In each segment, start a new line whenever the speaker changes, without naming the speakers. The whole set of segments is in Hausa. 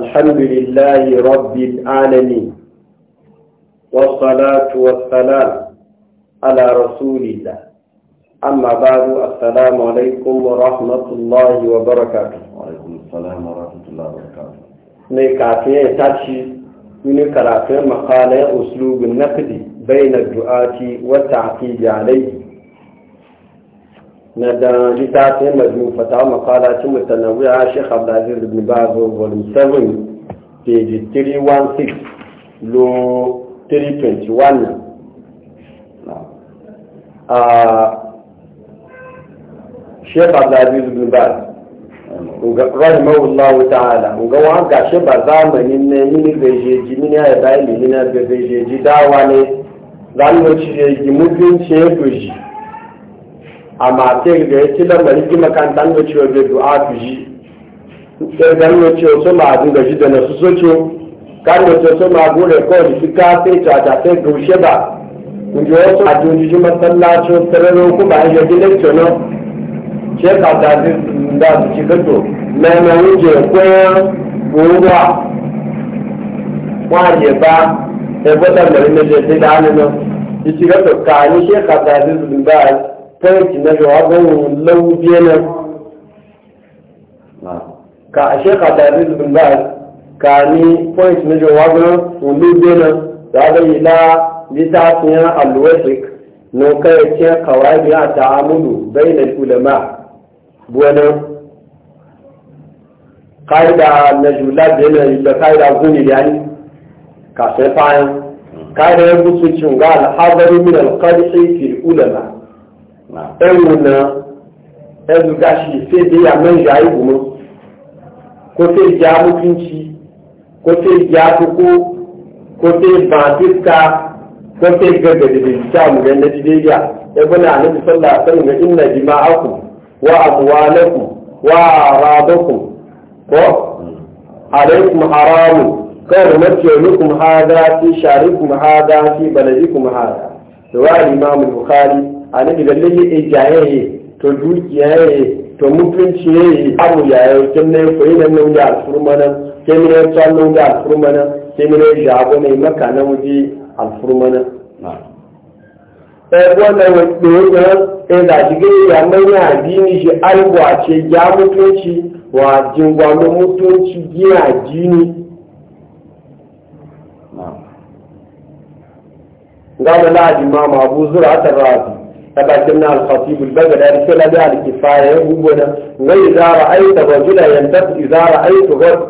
الحمد لله رب العالمين والصلاة والسلام على رسول الله أما بعد السلام عليكم ورحمة الله وبركاته وعليكم السلام ورحمة الله وبركاته نكافية تاتشي من كرافية مقالة أسلوب النقد بين الدعاة والتعقيد عليه na da littafin majmu fatawa makala cin mutanawiya sheikh abdulaziz ibn baz volume 7 page 316 lo 321 a ah, sheikh abdulaziz ibn baz rahimahullahu ta'ala ga wa ga shi ba zamanin ne mini bejeji mini ya bayi mini na bejeji dawa ne zanen ci je gimutunci ya doji amma sai ga ya ci lamari ki makanta ga cewa bai du'a ku ji sai ga ya ce so ma abin gaji da nasu so ce kan da so so ma gure ko da shi ka sai ta ta sai gaushe ba kun ji wasu a jojiji masallacin sararo ku ba ya ji lecture ce ka ta da su ci gado mai mai wuce ko gowa kwaje ba sai gwada mai na je sai da hannun nan ci gado ka ni shekar da zai zubin ba point na jawabin lauɗe nan ka a shekha ta yi zubin ba ka ni point na jawabin lauɗe da za ga yi la littafin alwajik na kai ce kawai a ta'amudu bai na ulama buwanan ka'ida na jula da yanayi da ka'ida zuni da yani kafin fayan hmm. ka'ida ya gusu cin ga alhazari min alkarfi fil ulama ẹ̀wù náà ẹ̀dù gáṣì fèdè àmẹ́jọ àìbùmọ́ kó fẹ́ jẹ́ amúkíńtì kó fẹ́ ìjà akókó kó fẹ́ bàtíkà kó fẹ́ gẹ́gẹ́dẹ̀dẹ̀ ìjà òmùgẹ́ nàìjíríà ẹgbẹ́ náà àlejò sọ́lá sẹ́yìn ìnà ìdìmọ̀ àkù wà àbúwá lẹ́kù wà àràdọ́kù kọ́ عليكم حرام كان مسجدكم هذا في شعركم هذا في بلدكم هذا رواه الإمام bukari a nan idan yi in jayaye to dukiya yi to mutunci yaye abu yaye kin ne ko idan nan da alfurmana kin ne san nan da alfurmana kin ne da abu ne maka nan waje alfurmana eh wannan wato ne eh da dige ya mai ya dini shi alwa ce ya mutunci wa jin mu mutunci ya dini na'am ga da ladi mama abu zura ta rabi تبعتنا الخطيب البدر أرسل يعني ذلك الكفاية يقولنا وإذا رأيت رجلا ينتقص إذا رأيت رجل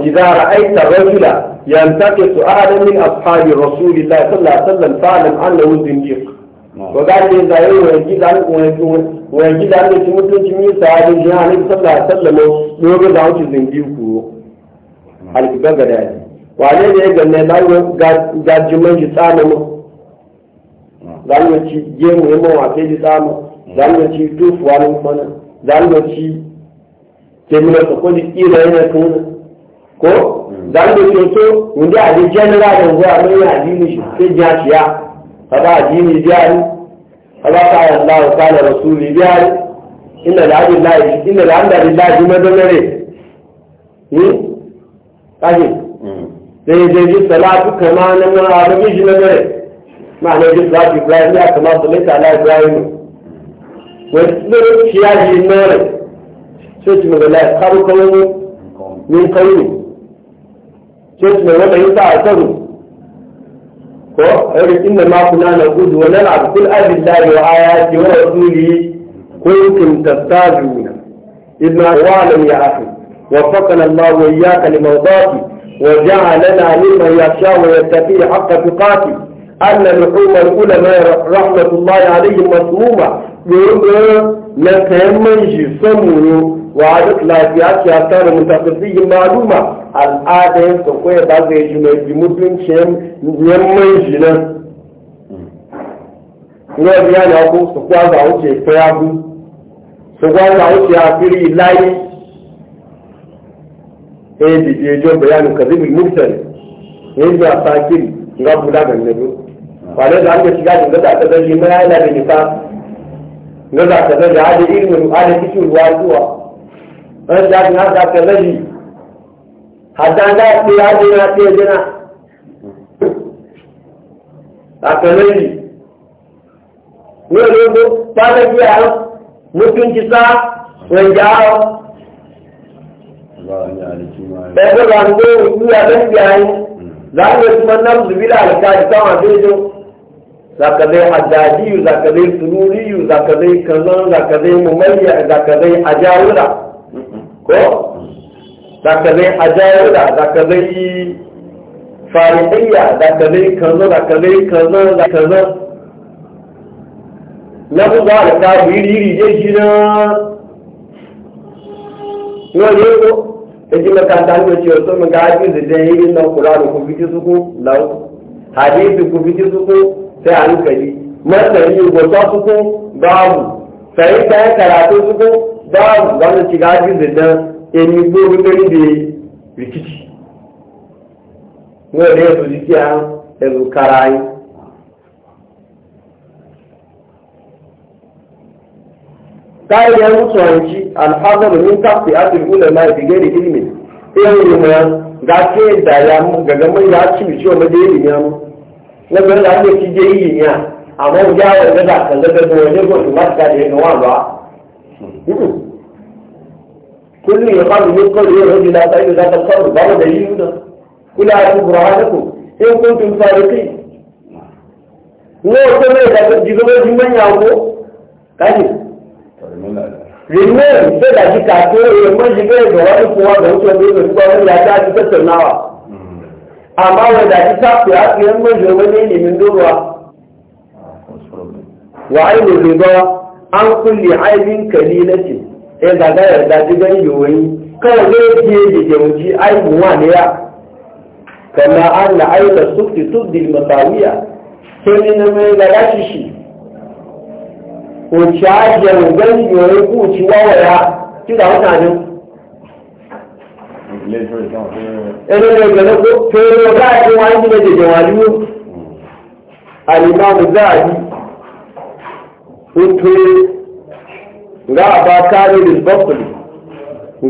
إذا رأيت رجلا ينتقص أحد من أصحاب رسول الله صلى الله عليه وسلم فاعلم أنه زنديق نعم. وقال إذا يوم يجد أن يكون ويجد أن تمثل جميع سعادة جهان صلى الله عليه وسلم يوجد عنه زنديق البدر نعم. يعني. وعليه يقول لا يوجد جميع سعادة zalunci gemu ya mawa sai ji samu zalunci tufuwa nan kwana zalunci kemina su kodi kira yana kuna ko zalunci to wanda a ji general da zuwa mai yana addini shi sai jiya shi ya kaba addini biya ni kaba ka yi Allah ka da rasuli biya ni inda da abin madanare ni kaje sai dai ji salatu kama na mun arabi shi na dare معنى جزء إبراهيم لا كما صليت على إبراهيم ويسلم شياج النار شوش من الله يسخر قومه من قومه شوش من الله يسعى سره إنما كنا نقول ونلعب كل أهل الله وآياته ورسوله كنتم تستاذون إذا هو أعلم يا أخي وفقنا الله وإياك لموضاتي وجعلنا لمن يخشى ويتقي حق ثقاته أن لحوم العلماء رحمة الله عليهم مسمومة يقول لك يمنجي سمو وعادت لا في أشياء كان متخصصين معلومة الآن سوف يبقى يجمع بمدن شيء يمنجي له ní ọdún yára ọkọ sọkọ àgbà ó ṣe ìfẹ́ abú sọkọ àgbà ó ṣe àfírí láyé èdè ìdí ẹjọ́ bẹ̀rẹ̀ ànú kàdébì mùsẹ̀lì èdè àtàkìrì ńgá wane da an ga shiga da gaza ta zai mai yana da nisa gaza ta zai da hada ilmin hada kishin ruwa zuwa an ja na da ta zai hada da ta ya da na ta jina a ta zai ne ne ko ta da kiya mutunci sa wanda ya ɗaya da rango wuya don biyayi za a yi kuma nan zubila alkali kama zai zo zaka zai haddadiyu zaka zai sururiyu zaka zai kazan zaka zai mumayya zaka zai ajawula ko zaka zai ajawula zaka zai farihiyya zaka zai kazo zaka zai kazo zaka zai na ku za da ta biri iri je shi na yau ne ko ta ji makanta ne ce wasu mu ga haƙi da dai irin na kula da ku fiti suku lau hadisi ku fiti suku sai a hankali masani gwata suku babu sai ta yi karatu suku babu za mu shiga cikin zindan emi gobe gani da rikici wanda ya soji kiya yanzu karayi kayan ya mutu hanci al'adar min kafi a turbu da ma fi gani ilimin irin ma ga ce da ya gagamai ya ci mishi wa madaili ya mu lẹ́gbẹ̀ẹ́ la lè ti dé iyì ní à àmọ́ ìyá rẹ̀ lẹ́dà kan lẹ́gbẹ̀ẹ́ bó wọlé bó tó láti jáde ẹnu wà lọ́wọ́. kúlù yẹn máa lè kọ́lù yẹn lọ́dún láta yóò láta sọ́ọ̀rù báwo lè yí lọ kúlù àti bùrọ̀ wá lẹ́kọ̀ọ́ ṣé kó tó ń fa etí. wọ́n tó lè dàgbé jùlọ bó mẹ́yìn àwọ̀ káyì. rèmẹ́ẹ̀lì amma wanda ake tafi ku ya ku yan manjo wani min doruwa wa ainihin riba an kulle aibin kalilati sai eh, zaga yarda ji gan yoyi kawai zai je da jawuci aibu wa ne ya kama an na aika sukti tuddi masawiya sai ne na mai gada shi shi ko ci ajiyar gan yoyi ku ci wawaya ki da mutanen ẹgbẹ́ ìgbẹ̀lẹ́ tó lọ káàkiri wọn ní méjèèjì wà ní àlìmáàmù záàdì ó tó ráàbá kárí lè bọ́kùlù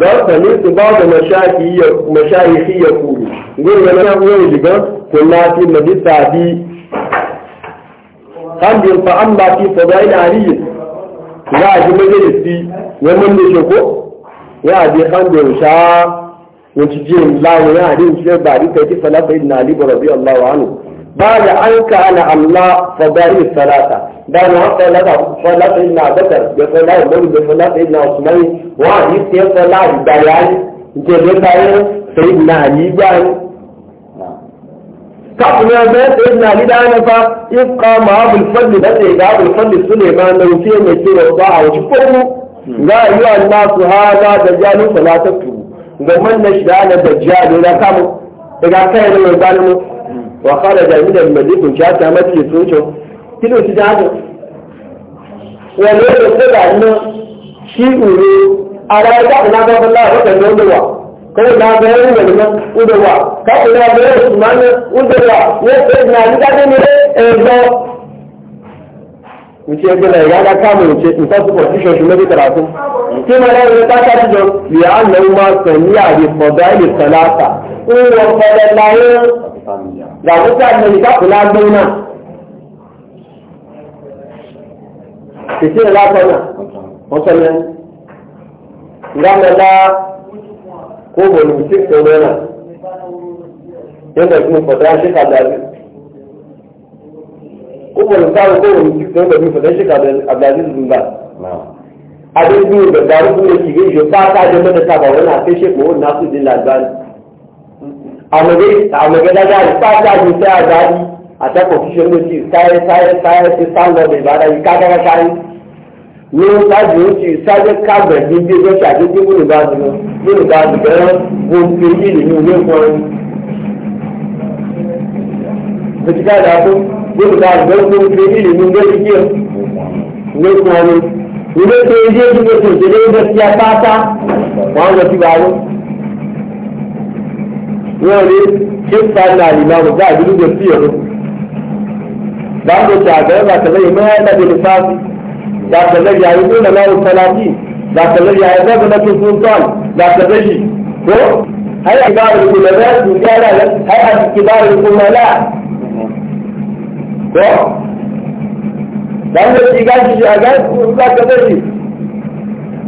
ga sami su ba da mashayihi ya kuru gurin na yau diga kula fi majisa bi hamdin fa an ba fi fadail aliyin ya ji majalisi ya mun da shi ko ya ji hamdin sha wanci jiyan lawo ya hadin shi ba ri kai salata ibn ali radiyallahu anhu ba da an kana allah fa bari salata da na salata salata ibn abakar da salata ibn da salata ibn usman wa hadis ya salata bayani ke da bayan sayyidina ali bayani kafin ya zai tsaye ali da dana fa in kama abul fadli da tsaye ga abul fadli su ne ma na wuce mai kira ba a wajen ko ga yi wa nasu hada da jalin salatattu ga man na shida na dajjal da kamu daga kai ne mai bani mu wa qala jami'a da malikun ja ta mace socho kilo ti da wa ne da kuma nan shi ure ara da na ga Allah da nan da wa kai na ga yin da nan uda wa kai na ga yin da nan wa ne sai na ga ne eh ba wuce gina ya ga kama wuce in fasu position shi mabi karatu ke ma ya ta ta da ya Allah ma saniya bi fadail salasa in wa fadalaye da mutane ne ka kula gona ke ce la kana wannan ngana la ko bolu ce ko na yanda kuma fadala shi ka da umar kawo kowane cikin da bin fadar shekaru abdulaziz bin baz abin biyu da garu kuma ki gai shi ba ta da mata ta ba wani akai shekwa wani nasu din labari a magai a magai da gari ba ta da ta a gari a ta confusion da ci saye saye saye sai sangwa mai ba da yi ka kaga saye sáré kábẹ̀ ní bí ẹgbẹ́ ṣàdé tí wọn bá ti ti yóò da àgbẹ̀kùn fi ìlú lórí díẹ̀ ní kọ́ni ilé tó ilé tó lè tó ìṣẹ̀lẹ̀ ìbẹ̀ sí apáta wọn lọ sí báyìí wọn rí ṣé sáyẹn àlìmọ́ àgbà àdúgbò lè fi ẹ̀rọ báwo ṣe àgbẹ̀rẹ̀ bàtẹ̀lẹ̀ yìí mẹ́rin láti lè fa bàtẹ̀lẹ̀ yìí àyè tó nàlá òṣèlú bàtẹ̀lẹ̀ yìí àyè tó nàlá tuntun tán bàtẹ̀lẹ̀ yìí tó ayé àgbà àgbẹ̀rẹ̀ ko dan da shiga shi a ga ku za ka dare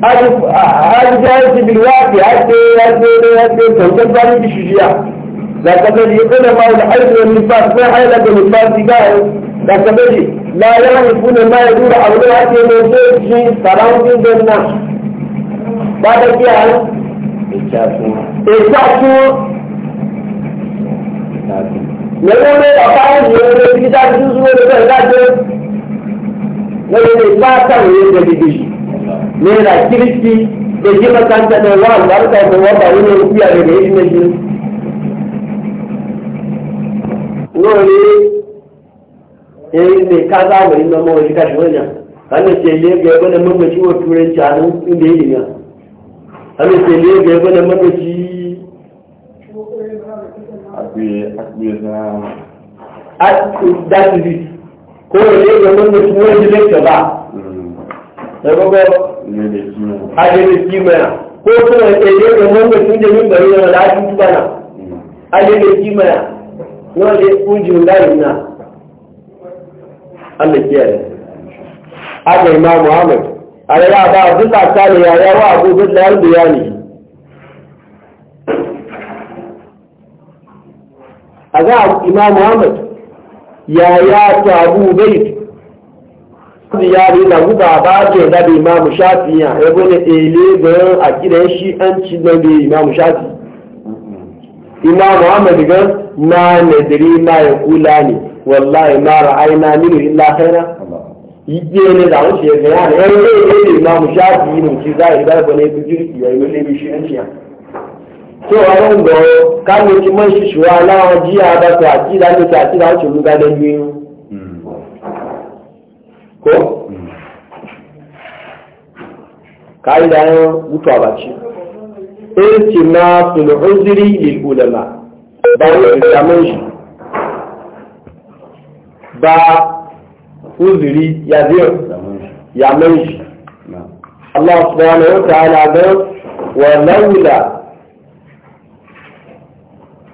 hali jahilci bilwafi hake hake hake sautar zalunci shijiya da ka dare ya kada ma da aiki wani nifas ko haila da nifas ga da ka dare la yarifuna ma yadura abu da hake mai zai shi sarautun don nan ba da kiyaye Ìṣàtúnwá. Ìṣàtúnwá. lẹ́yìn lé bàbá òní ẹgbẹ́ ibi dájú dúró lọ́dọ̀ ìdájọ́
lẹ́yìn lè bá àtàwọn yẹn lè dìde yìí lẹ́yìn lè
kírìtì lèyí makaranta ne wa albarka ko wa ba wani rufiya da da yi ne shi lori eh ne ka za mu inda mu shi ka shi wannan kan ne ce le ga wannan mamaci wa turanci a nan inda yi ne kan ne ce le ga wannan mamaci that is it
ko ne ga mun mutum wani lecture
ba da gogo haje da kimiyya ko kuma ne ga mun mutum da mun bari na lafi tubana haje da kimiyya wanda ya kunji lafi na Allah kiyaye aga imam أذاب ya محمد يا يا أبو ya ziyari na guba ba ce da da imamu shafi ya yabo ne ele ga a kiran shi an ci da imam imamu shafi imam Muhammad ga na diri na ya kula ne wallahi ma ra'ayna min illa khaira yiye ne da wuce ga yana yayin ne imam shafi ne ci zai da bane bijirki yi ne bi shi an ci cewa nan ga kame ki man shi shuwa lawa jiya ba ta akida ne ta akida wace mun ga dan biyu ko kai da yan mutuwa ba ce eh, irtima sul uzri lil ulama ba wani zaman shi ba uzri ya zai ya man shi Allah subhanahu wa ta'ala ga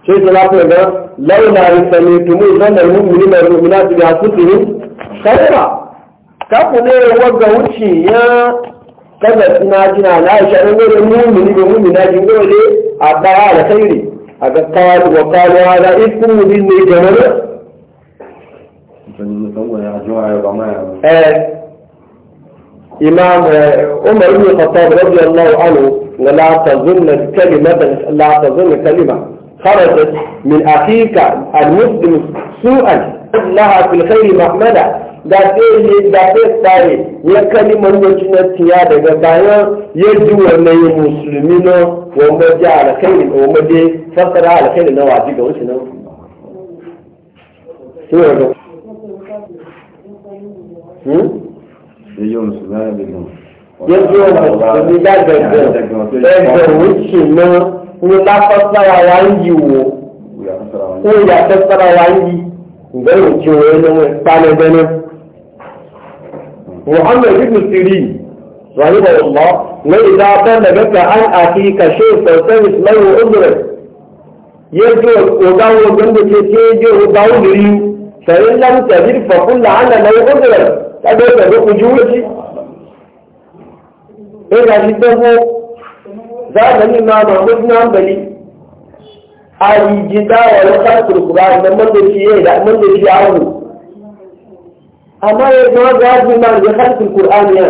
شيء ثلاثة لا لو ما رسميتموه ظن المؤمنين والمؤمنات بأنفسهم خيرا كفنا وجه وشي يا كذا تناجنا لا شأن غير المؤمن والمؤمنات يقولوا لي أبا على خيري أقصاد وقال هذا اسم مدين جمال إمام آه، عمر بن الخطاب رضي الله عنه لا تظن الكلمة لا تظن كلمة خرجت من أخيك المسلم سوءا لها في الخير محمدا لكن لكن لكن من وجنة سيادة قال يجوى من المسلمين ومجى على خير ومجى فقر على خير نوع جيدة وشنا سيادة يجوى من المسلمين يجوى من المسلمين يجوى من المسلمين ńlá fassara wangi wo ko ya fassara wangi ngai wuce wa yana wani tsane ganin muhammad ibn sirin رحمه الله وإذا كان بك عن أخيك شيء فالتمس له عذرا يرجو وقاو جنب تيجي وقاو دريو فإن لم تجد فقل عنا له عذرا هذا يتبقى جولتي إذا جدته zamanin ma mahmud na hambali a rigita wa na kasar kura da mandaci ya yi da mandaci ya hau amma ya yi kuma zaɓi ma da kasar kura ne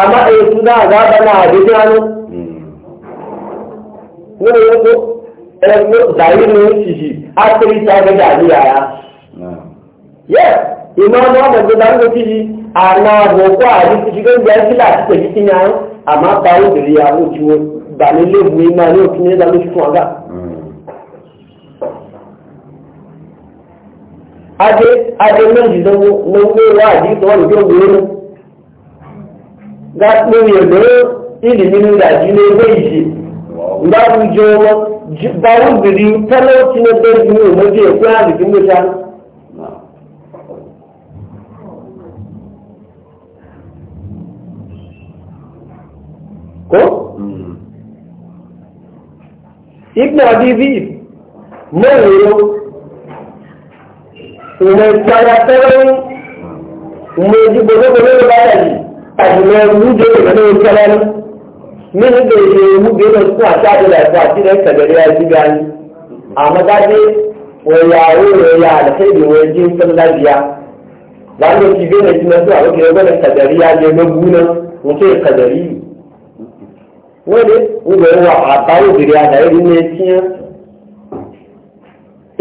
amma a yi suna zaɓa na abin yano wani yanzu ɗaya zai ne wuce shi asiri ta ga jami'a ya yes imamu ahmad da zan wuce shi a na boko a jikin shigar da ya kila a cikin yano amma bayan da ya wuce wani ìgbàlélébù iná ní òkú nílá ló fún ọ̀gá. adé adé méjìdínwó ló ń gbé wá àdìsọ wọn lójú òwúrọ̀ nù. gáàsì mi ò lóyún ìlú nínú ìdajì ní ẹgbẹ́ ìṣe. ìdáàbò jẹ ọmọ báwo bìrì tẹ́lẹ̀ tí mo bẹ́ẹ̀ ju òmòdì ẹ̀kọ́ àdìsí mi sáré. ko Ibn Abibib mẹ́rin ìmọ̀ ìtara fẹ́rẹ́ ìmọ̀ ìdìbò lóko lóko bá dàbí àjùmọ̀ ìwúdò ìmọ̀ lóko tẹ́lẹ̀ ní. Mímú bèrè ìwúdò lọ sí àti àdúrà ẹ̀fọ́ àti ilẹ̀ ìtẹ̀lẹ̀rẹ̀ ẹ̀dígbà ni. Àmọ́ dájú wọ̀nyà owó wọ̀nyà àlẹ́fẹ́ ìdè wọ̀nyà jí ń fẹ́ lábíyá. Láńdọ̀ ti bẹ́ẹ̀ lẹ́sìn náà tó àwọn kìlọ̀ gbọ́dọ̀ kàdàrí yá jẹ́ lọ́gbú náà, wọ́n tó yẹ kàdàrí yìí wele ŋgɔ wa abawo biri ada eri ne tia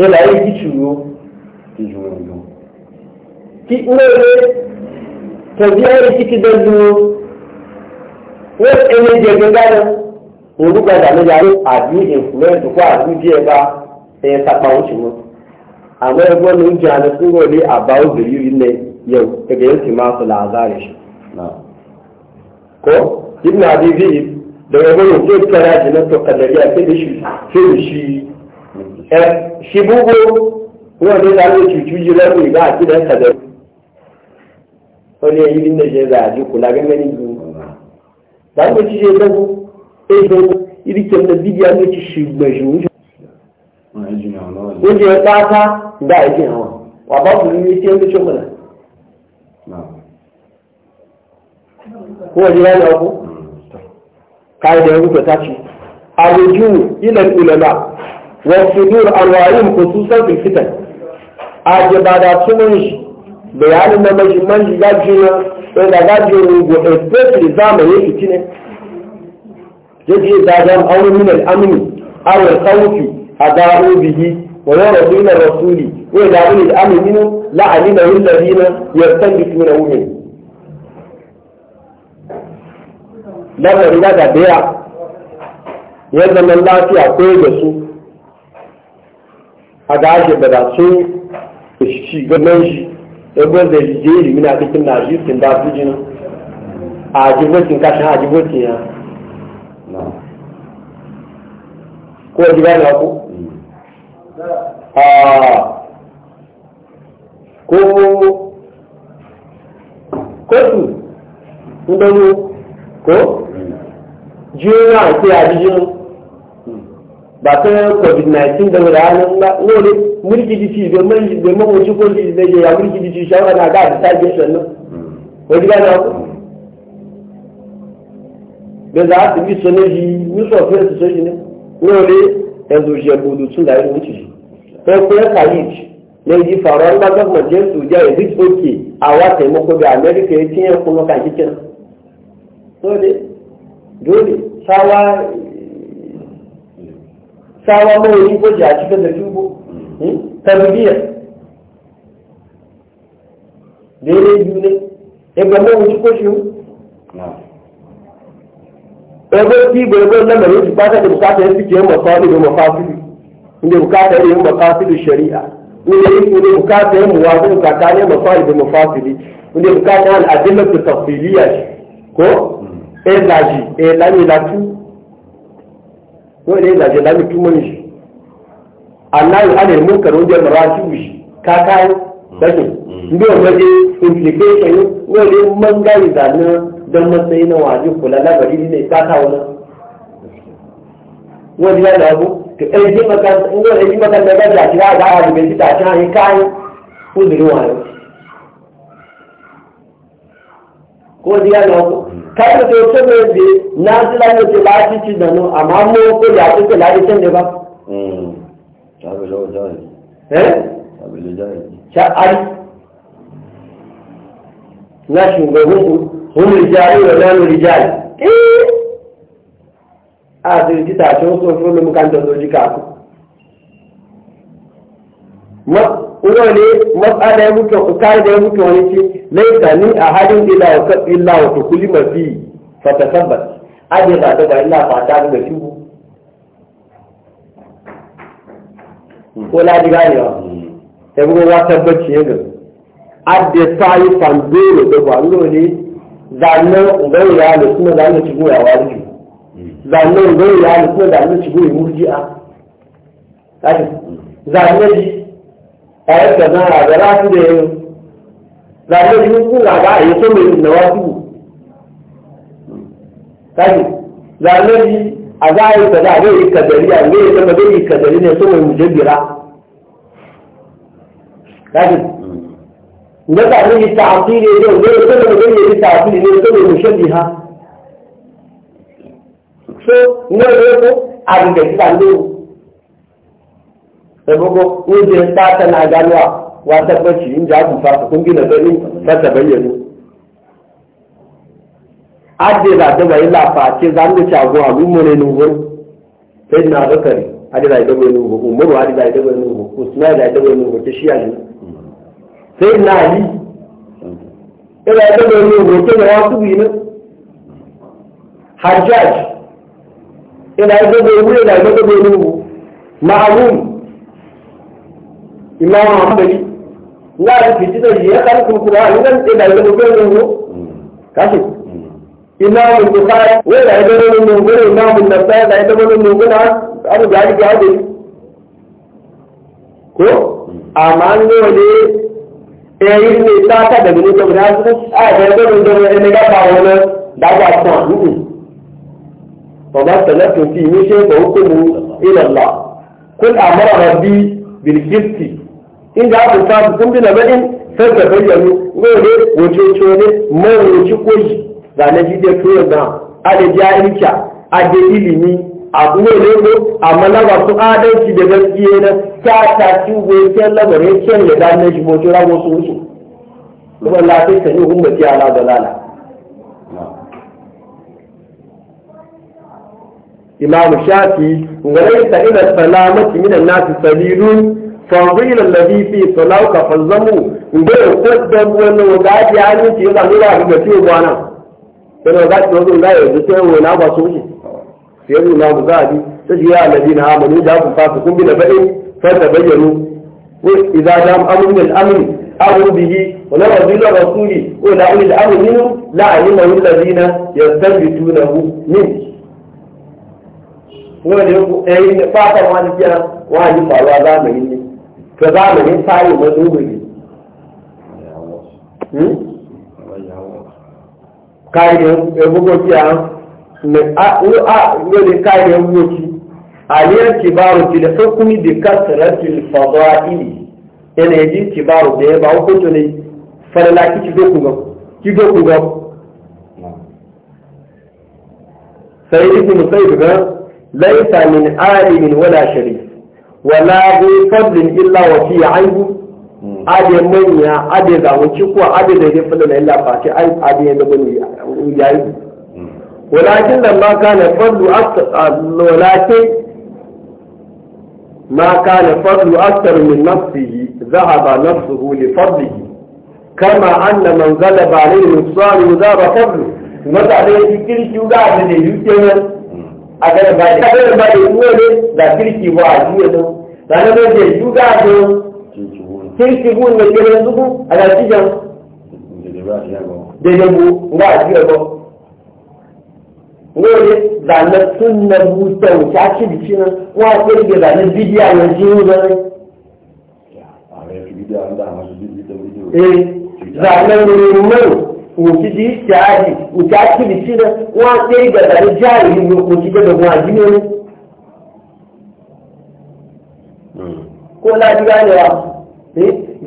ela yi tituro tituro ti wele tɔbi ayi titi bɛ duro wo ene dze gbega lɛ olu gbada ne ya adi influence ko adi die ba ɛyɛ sakpa ŋutsu mo ame ɛgbɔ ne ŋutsu ale fún wele abawo biri yi ne yewu ege yɛ ti ma sɔ le aza le ko ibn adi vi daga gudun sai kara jinan to kadariya sai da shi sai da shi eh, shi bugu wanda ya zama cucu jiran mai ba a gidan kadari wani ya yi bin da shi za a ji kula gan gani biyu ba mu ci shi zagu sai da irikin da bidiya ne ci shi mai shi wuce wuce ya tsata da a yi hawa wa ba su yi ce yadda shi mana ko wajen yana ku ka'idar rufe ta ce arruju ilal ulama wa sudur arwahim khususan fil fitan ajibada tumun shi bayanin na mahimman shi ya jina sai da ga jini go especially zamanin fitine yaje da jam aure min al amni aw al khawfi adaru bihi wa yardu ila rasuli wa ila ulil amri minhu la alima alladhina yastanbituna minhu lamarin da da daya ya zama lafiya ko da su a gashi da da su shi gaban shi ɗaukar da shi jeri mina cikin na shi sun da su jini a jibotin kashin a jibotin ya ko ji gane ku ko kotu ndonu ko juna ake adijin ba ta covid-19 da ranar ba wani mulkidici da mawaci ko da ya mulkidici shawara na ga da tage shannu wani gana ku da za su bi sonaji misofiyar su soji ne wani yanzu shi ya budu sun da yi wuce shi ko kuma khalid ne ji faruwar ba gwamnan jin su ya yi oke a wata yi muku da amerika ya cinye kuma kan kikin so dole sawa sawa mai yi gwaji a cikin da dubu hmm? tarbiyyar daidai biyu ne ẹgbẹ́ mọ́ ojú kó ṣe ẹgbẹ́ tí ìbò ẹgbẹ́ lẹ́mọ̀ yóò ti bá tẹ̀lé bùkátà ẹ̀ sì jẹ́ mọ̀ká nílé mọ̀ká sílù nílé bùkátà ẹ̀ mọ̀ká sílù ṣẹ̀ríà nílé nílé bùkátà ẹ̀ mọ̀wá nílé bùkátà ẹ̀ mọ̀ká nílé mọ̀ká sílù nílé bùkátà ẹ̀ adélẹ́pẹ̀tà fìlíyà kó ẹ̀làjì ẹ̀làmì ìlàtú wọ́n ilẹ̀ ìlàjì ẹ̀làmì túmọ̀ nìyí aláyò alẹ́ mú kẹrù oúnjẹ mọ̀rọ̀ àti wùyí káká lẹ́sìn ndé ọ̀mọdé implication yìí wọ́n ilẹ̀ mọ́ngá ìdáná dánmọ́sẹ́ na wọn àti na abu nílẹ̀ káká wọn wọ́n ilẹ̀ àdàbò ẹ̀jẹ̀ mọ́kàndé ẹ̀jẹ̀ àti ráàdá àdìbẹ̀ wọn kada to ce mai da na ji la ne ba ci ci da no amma mu ko ya ci ce la ne ne ba mm ta bi lo da eh ta bi lo da cha ai na shi go hu hum rijali wa la rijali eh a ji ta so ji ka wani matsala ya mutu kare da ya mutu wani ce laisa ni a halin ila wa illa wa tukuli mafi fatasabbas ajin ba ta ga illa fata ga shi ko la diga ne ba. sai kuma wa tabbaci ya ga adde sai fandolo da ba ngo ne zanna ubai ya ne kuma zanna ci goya wa ji zanna ubai ya ne kuma zanna ci goya murji'a kaje zanna ji ẹ̀ẹ́sẹ̀ náà àgbẹ̀ láti lè rìn làbẹ́ ìlú fún àgbà èyí tó lè rìn lọ́wọ́ sí káyì làbẹ́ yìí àgbà èyí tẹ̀lé àgbẹ̀ èyí kẹ̀dẹ̀rí àgbẹ̀ èyí tẹ̀lé àgbẹ̀ èyí kẹ̀dẹ̀rí ní ẹ̀tọ́ ìwù jẹ́ gbèrà káyì nígbà tí yìí ta àti ẹjọ́ ìgbé ẹjọ́ ìgbé ẹjọ́ ìgbé ta àti ilé ẹjọ́ ìwù ṣẹ́ bì ha so ní ọjọ́ ìgbé àgbẹ̀ sabogo wajen ta tana ganuwa wa tabbaci in ja ku fasa kun gina gani ta ta bayyana adde da ta bayi lafa ce za mu ci agwa mu mu ne nuhu sai na zakari adde da ta bayi nuhu umaru adde da ta bayi nuhu usman da ta bayi nuhu ke shi yaji sai na ali ila ta bayi nuhu ke da wasu bi ne hajjaj ila ta bayi nuhu ila ta bayi nuhu ma'lum imamu hanbali na da fitina shi ya kan kurkura a nan sai da yadda mutum ne ko kashi imamu bukhari wai da yadda wani nungun imamu nasa da yadda wani nungun abu da ya ga ko amma an zo ne yayi ne ta ta da gani to da su a da yadda wani nungun ne ga ba wani da ba ta hudu وما اختلفتم فيه من شيء فحكمه الى الله قل امر ربي بالقسط inda aka samu sun bi na baɗin sai ka bayyano wani wace ne mai wace koyi da na ji da tuyo a ada a ada ilimi a kuma ne ko amma na ba su adalci da gaskiya na ta ta ci wajen lamarin kyan ya da na shi wace rago su wuce Kuma lafiya ta ne ummati ala dalala imam shafi ta ina salamati minan nasu sabilun فضيل الذي في صلاوك فالزمو وبيه قدم وانه وقعد يعني في يضع نورا بكتير وانا فانا وقعد نوزن لا يجسين وانا بصوشي في يضع الله مقعدي تجي يا الذين آمنوا جاءكم فاسقون بنبئ فتبينوا وإذا جاء أمر من الأمر أمر به ونرى ذل رسوله ولا أولي الأمر منه لا علمه الذين يستنبتونه منه wọ́n lè kó ẹ̀yin fáfá wọn ti jẹ́ wọn àyípadà láàmì to za mu hmm? ne tayi e na dubuli kai da ebugo ki an ne a u a ne kai da ebugo ki aliyar kibaru ki da hukumi bi kasratil fadaili ene yi kibaru da ba hukunto ne farla ki ki doku ga ki doku ga sai ibn musayyib ga laysa min alimin wala sharif wala bi fadlin illa wa fi aibu hmm. ade manya ade ga wuci ko ade da dai fadlin illa fa ce ai ade da bani yayi walakin da ma kana fadlu akthar ah, walakin ma kana fadlu akthar min nafsihi dhahaba nafsuhu li fadlihi kama anna man ghalaba alayhi al-sari dhahaba fadlu mata da yake kirki ga da yuke a ganin ba da ganin ba da kuma ne da kirki ba a juya don da na mai da juga don kirki bu ne ke nan zuku a da cikin da ne bu ba a juya ba wani da na sun na busa wuce a ci biki nan wa ke da da na bidiya na jini da ne o o que ṣáàjì òtí o sílẹ̀ wọ́n á o que ní jáàrí ní òtí gbẹ̀gbọ̀n àdínlẹ̀ kó lájú bá yẹra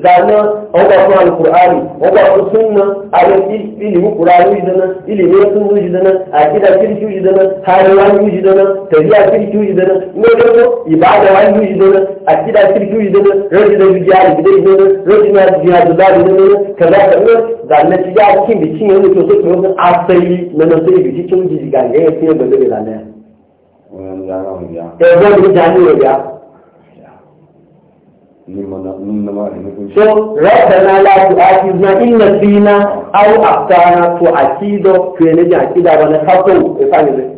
zana ọgbà fún alukur'ani ọgbà fún o ayé ilimin kur'ani yi dana ilimin sunna yi dana akida kirki yi dana hariwa yi dana tafiya kirki yi dana nodoko ibada wa yi dana akida kirki yi dana rajin da yujiya da gida yi dana rajin da jihar da zaɓi dana kaza ka nuna zana ci ya cikin da cin yanzu to so ki wasu asali na nan sai biki cin jijiganga ya fiye da zai zana ya. Ẹgbẹ́ mi jẹ́ àníyàn ya. so rabbana la tu'akhidna in nasina aw akhtana to akido to ne ja akida bana fato e fani ne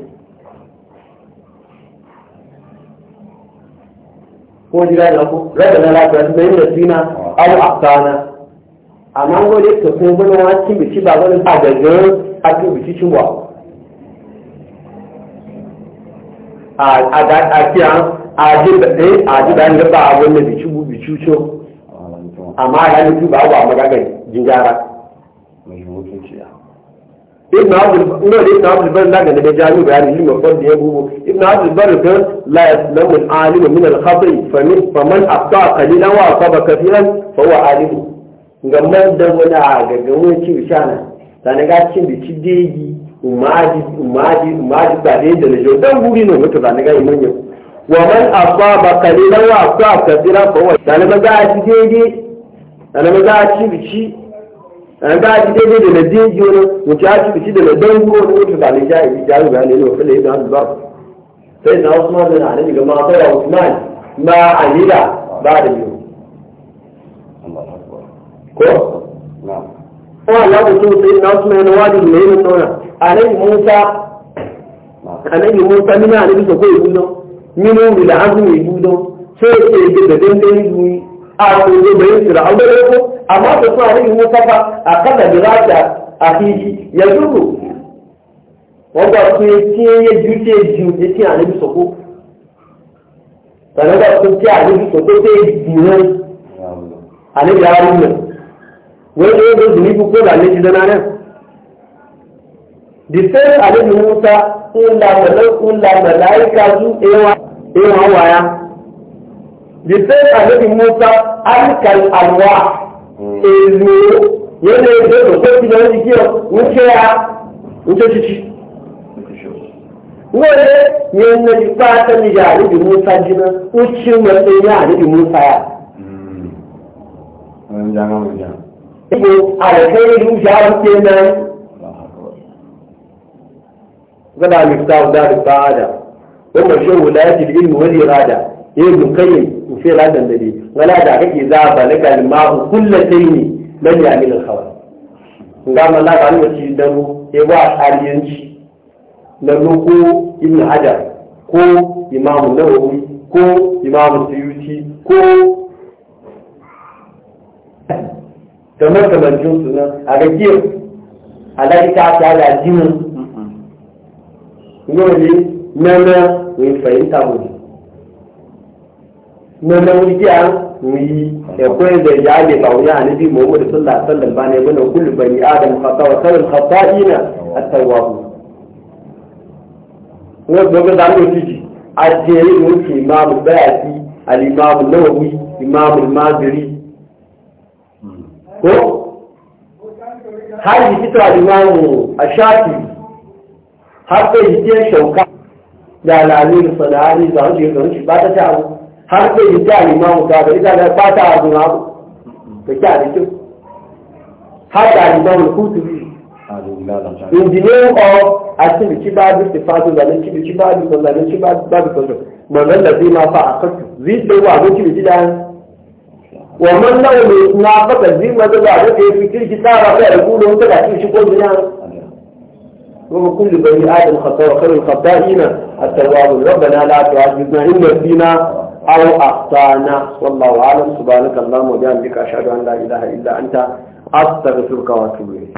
ko jira da ku rabbana la tu'akhidna in nasina aw akhtana amma ngole to ko bana wa ci bi ci ba bana ba da ga atu bi ci ci wa a a da a ajiba eh, ne ba abin da bici bici co amma ya nufi ba ba magagar jingara ibn abdul no ibn abdul bar la ga da jami bayani ilmi ko da yabo ibn abdul bar ga la yaslamu al alim min al khati fa min fa man afta qalilan wa asaba kathiran fa huwa alim man da wala ga ga wani ci bishana tana ga cin da bici degi umaji umaji umaji ba dai da ne jo dan guri no mutu tana ga imanyo ومن أصاب قليلا وأصاب كثيرا فهو أنا يعني ما قاعد جديدي يعني أنا ما قاعد شي أنا قاعد جديدي للدين جونا سيدنا عثمان بن علي لما طلع عثمان ما بعد اليوم نعم والله بتقول سيدنا عثمان وادي المهم عليه موسى نعم. عليه موسى من عليه minu bila azumi budo sai sai da gadan da yi a ko da bai sira an bai ko amma da suna da mu kafa a kada dirata a hiji ya duru wanda ku ce ya jute jute ti a nabi soko sanan da ku ce a nabi soko sai dinan a nabi ya rubuta wani ne da zuni ko da ne dana nan the same a nabi musa illa malaika su ewa ìwọ̀n wáyá the same as if musa alikal alwa èlò yẹn lè dé òkú tí wọn ti kí ọ ń ṣe ya ń ṣe títí. wọ́n lé yẹn lè ipá sẹ́ni yà àríbi musa jiná ń ṣe mẹ́tẹ́ yà àríbi musa yà. Ibu àrẹ̀fẹ́ ìlú ìṣe àrùké náà. Gbọ́dọ̀ àmì ìta ọ̀dà àrùbá wanda shi wulayati bil ilmi wal irada ya eh, yi kai ku fi ladan da ne wala da kake za ba na kalma ne lan ya'mil al khabar ga malla ba ni ci da mu eh wa ariyanci na ko ibn hajar ko imam nawawi ko imam suyuti ko kamar kamar jin suna a gajiyar alaƙi ta ta da jinin yau ne na na ń fẹ̀yìntà wò ni. Nana wuri jiya muyi ya koyar da ya ne ba wani annabi Muhammad sallallahu alaihi wasallam ba ne bane kullu bani ka khata wa khairul khata'ina at-tawwab. Ne gobe da mu tiji a jere mu imamu bayati al-imamu imamu al ko har yi fito al-imamu a shafi har sai yi shauka da alamin sana'ari za su yi zaruci ba ta tawo har sai yi ta limamu ta gari ta ba ta abu na abu da of activity babu sifatu zanen cibici babu zanen cibici babu sanzo manzan da zai ma fa a kasu zai sai wa zo cibici da wa man lawo na faka zai maza ba da ke fi kirki tsara kai da kudo ta da cibici ko ومن كل بني آدم خطأ وخير الخطائين التواب ربنا لا تعذبنا إن فينا أو أخطأنا والله أعلم سبحانك اللهم وبحمدك أشهد أن لا إله إلا أنت أستغفرك وأتوب إليك